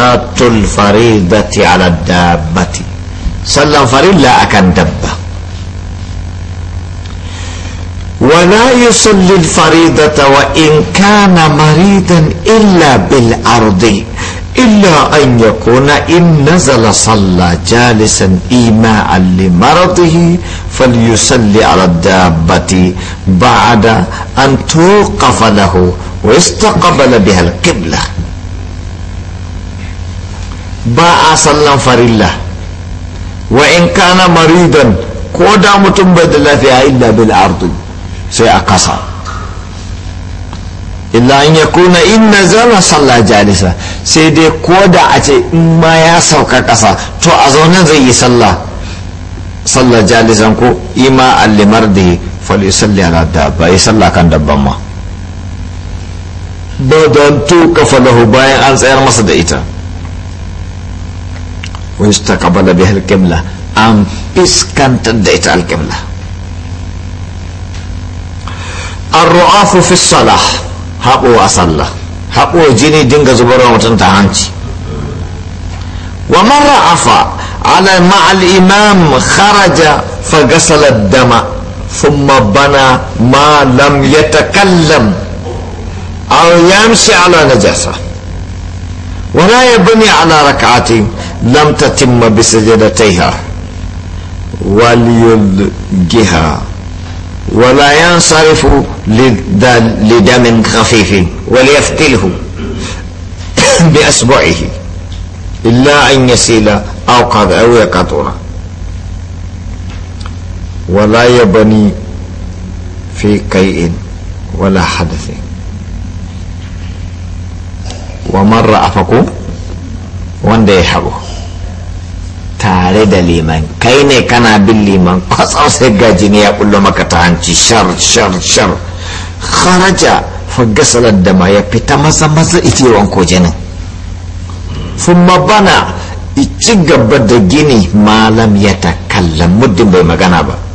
صلاة الفريضة على الدابة صلى فريلا أكن دبة ولا يصلي الفريضة وإن كان مريضا إلا بالأرض إلا أن يكون إن نزل صلى جالسا إيماء لمرضه فليصلي على الدابة بعد أن توقف له واستقبل بها القبلة ba a sallan farilla wa in kana maridan ko da mutum bai da lafiya illa bil ardu sai a kasa illa an ya kuna in zama salla jalisa sai dai ko da a ce in ma ya sauka kasa to a zaune zai yi sallah sallah jalisan ko ima allimar da fali salli ala dabba ya sallah kan dabban ma ba don tuka falahu bayan an tsayar masa da ita واستقبل بها الكملة أم إسكن تديت الكملة الرؤاف في الصلاة هبوا أصلى هبوا جيني دينغ زبرا وتنتهانتي ومن رعف على مع الإمام خرج فغسل الدم ثم بنى ما لم يتكلم أو يمشي على نجاسه ولا يبني على ركعة لم تتم بسجدتيها وليلقها ولا ينصرف لدم خفيف وليفتله بأصبعه إلا أن يسيل أو قد أو يقطر ولا يبني في كيء ولا حدث wa marra afako wanda ya hagu tare da liman kai ne kana bin liman kwatsam sai gaji ne ya bullo maka ta hanci shar shar shar kharaja fagasalar da ma ya fita masa masa ita yawan kojinin sun bana ci gaba da gini malam ya takallan muddin bai magana ba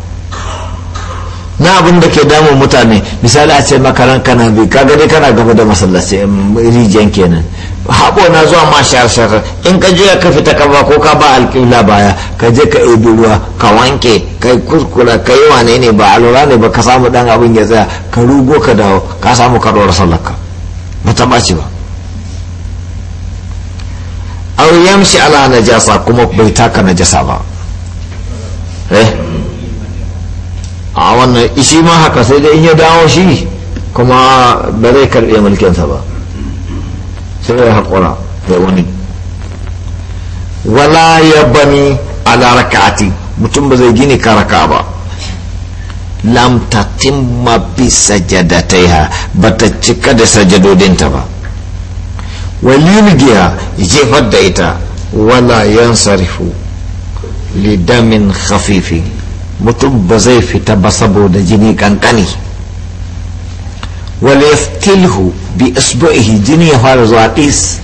na abin da ke damun mutane misali a ce makaran kana bi kaga dai kana gaba da masallaci rijiyan kenan haɓo na zuwa ma shar in ka juya ka fita ka ko ka ba alƙibla baya ka je ka ɗebi ruwa ka wanke ka yi kuskura ka yi wane ne ba alura ne ba ka samu ɗan abin ya tsaya ka rugo ka dawo ka samu ka ɗora ba ta ɓaci ba au yamshi ala najasa kuma bai taka najasa ba eh a ah, wannan ishi ma haka sai da in ya dawo shi kuma ba zai mulkin mulkinsa ba sai ya haƙura da wani wala ya bani ala raka'ati mutum ba zai gini karaka ba lam ma bi sajadataiha bata cika da sajadodinta ba waliligiya jefar da ita wala yansarifu lidamin khafifi mutum ba zai fita ba saboda jini kankani wale tilhu bi isbo'ihi jini ya fara zuwa ɗis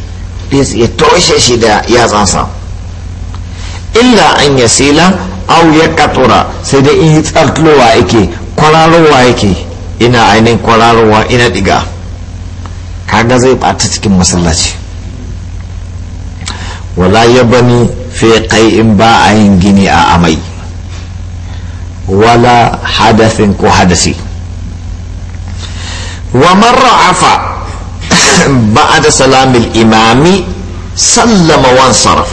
ɗis ya toshe shi da yatsansa illa an ya sila au ya katura sai dai in yi tsartlowa yake kwararowa yake ina ainihin kwararowa ina diga kaga zai bata cikin masallaci wala ya bani fi in ba a yin gini a amai ولا حدث كحدثي ومر عفا بعد سلام الإمام سلم وانصرف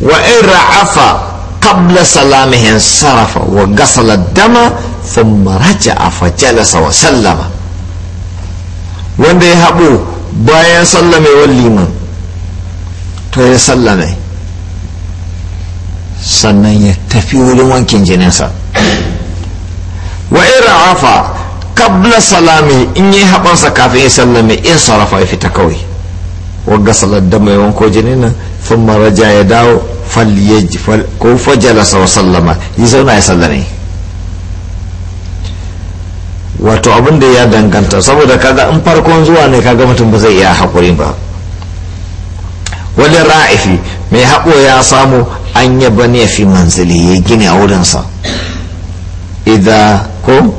وإن عفا قبل سلامه انصرف وقصل الدم ثم رجع فجلس وسلم wanda ya haɓo سلم sallame liman to sannan ya tafi wurin wankin jininsa wa afa kabla salami in yi haɓansa kafin ya sallame in sarrafa ya fita kawai wagga salar da mai wanko jinin nan sun maraja ya dawo ko fajalasa wa sallama yi zauna ya sallame wato abin da ya danganta saboda kaga in farkon zuwa ne kaga mutum ba zai iya haƙuri ba wani ra'ifi mai haƙo ya samu an yaba ya fi manzili ya gini a wurinsa idan ko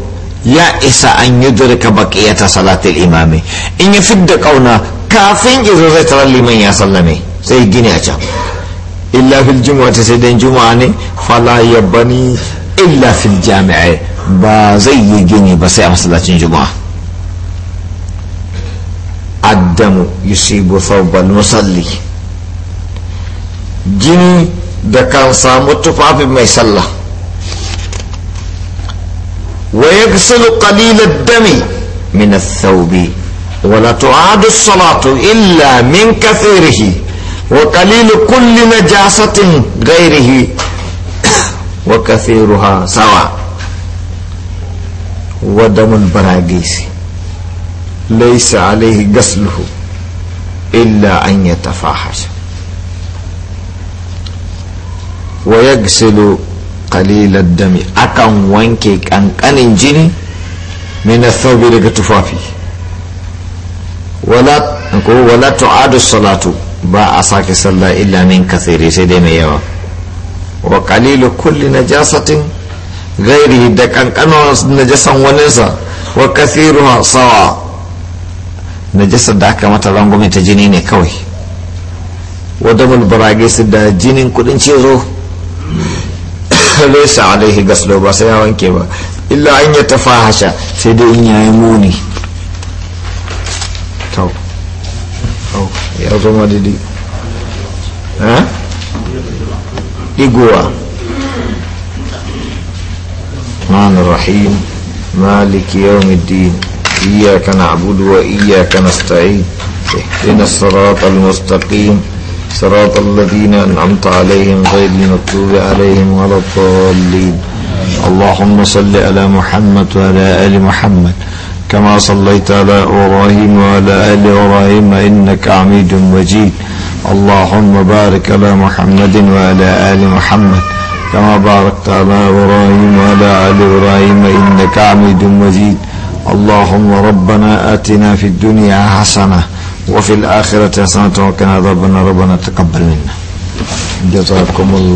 ya isa an yi durka baƙiyata salatul imami in ya fidda ƙauna kafin izo zai tarar liman ya sallame sai gini a can illa fil juma'a sai dan juma'a ne fala ya bani illa fil jami'a ba zai yi gini ba sai a masallacin juma'a addamu yusibu thawbal musalli jini da kan samu tufafin mai sallah wa yaghsilu qalilad dami min ath-thawbi wa la tu'adu as-salatu illa min kathirihi wa qalilu kulli najasatin ghayrihi wa kathiruha sawa wa damul baragisi laysa alayhi ghasluhu illa an yatafahash wa gisilo kalilar dami akan wanke kankanin jini mai na athawbi daga tufafi wala ko tu'adu salatu ba a sake sallah illa min kasiri sai dai mai yawa wa kalilu kulli najasatin Gairi da kankanon najasan waninsa wa kathiruha sawa najasar da aka mata rangume ta jini ne kawai wa damul su da jinin kudin cizo laisa alaihi gaslo ba sai ya wanke ba illa an ya tafahasha sai dai in yayi muni to ya zo ma didi ha igowa الرحمن الرحيم مالك يوم الدين إياك نعبد وإياك نستعين اهدنا الصراط المستقيم صراط الذين أنعمت عليهم غير المطلوب عليهم ولا الضالين اللهم صل على محمد وعلى آل محمد كما صليت على إبراهيم وعلى آل إبراهيم إنك عميد مجيد اللهم بارك على محمد وعلى آل محمد كما باركت على إبراهيم وعلى آل إبراهيم إنك عميد مجيد اللهم ربنا آتنا في الدنيا حسنه وفي الآخرة حسنة وكان ربنا ربنا تقبل منا جزاكم الله